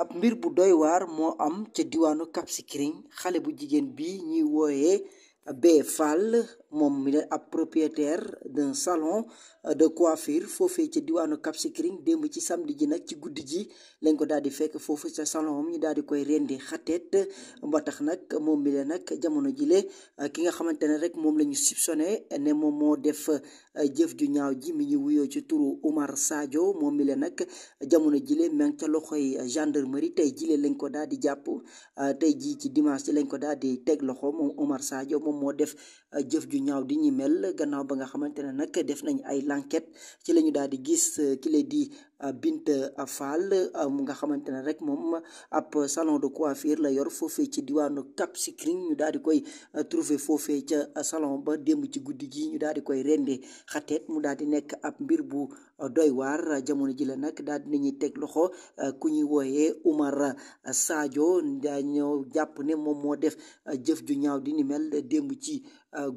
ab mbir bu doy waar moo am ca diwaanu Cap Skirring xale bu jigéen bi ñuy wooyee Beye Fall moom mi la ab propriétaire d'un salon euh, de coiffure foofee ca diwaanu capsicrine démb ci samedi ji nag ci guddi ji lañ ko daal di fekk foofu ca salon am ñu daal di koy rendi xateet ba tax nag moom mi la nag jamono jile euh, ki nga xamante ne rek moom la ñu soupçonné ne moom moo def euh, jëf ju ñaaw ji mi ñu wuyoo ci turu Oumar Sadio moom mi nag jamono jile ma ngi ca loxoy gendarmerie tey jile lañ ko daal di jàpp tey ji ci dimanche ji lañ ko daal di teg loxo moom Oumar Sadio moom moo def jëf ju ñaaw di ñi mel gannaaw ba nga xamante ne nag def nañu ay lanket ci la ñu daal di gis euh, kile di Binta Fall mu nga xamante ne rek moom ab salon de coiffure la yor foofee ci diwaanu Cap Skirring ñu daal di koy euh, trouver foofee ca salon ba démb ci guddi gi ñu daal di koy rendee xateet mu daal di nekk ab mbir bu doy waar jamono ji la nag daal di nañuy teg loxo euh, ku ñuy wooyee Oumar Sadio dañoo jàpp ne moom moo def euh, jëf ju ñaaw di ni mel démb ci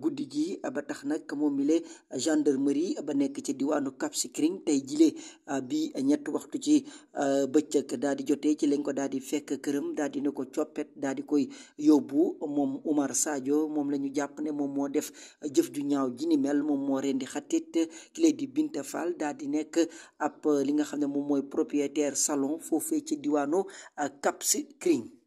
guddi gi ba tax nag moom mi le gendarmerie ba nekk ci diwaanu Cap Skirring tey jile bi ñetti waxtu ci euh, bëccëg daal di jotee ci lañ ko daal di fekk këram daal di ne ko coppet daal di koy yóbbu moom Umar Sadio moom la ñu jàpp ne moom moo def jëf ju ñaaw ji mel moom moo rendi xatit ki lay di Binta Fall daal di nekk ab li nga xam ne moom mooy propriétaire salon foofee ci diwaanu ak euh, Cap Skirring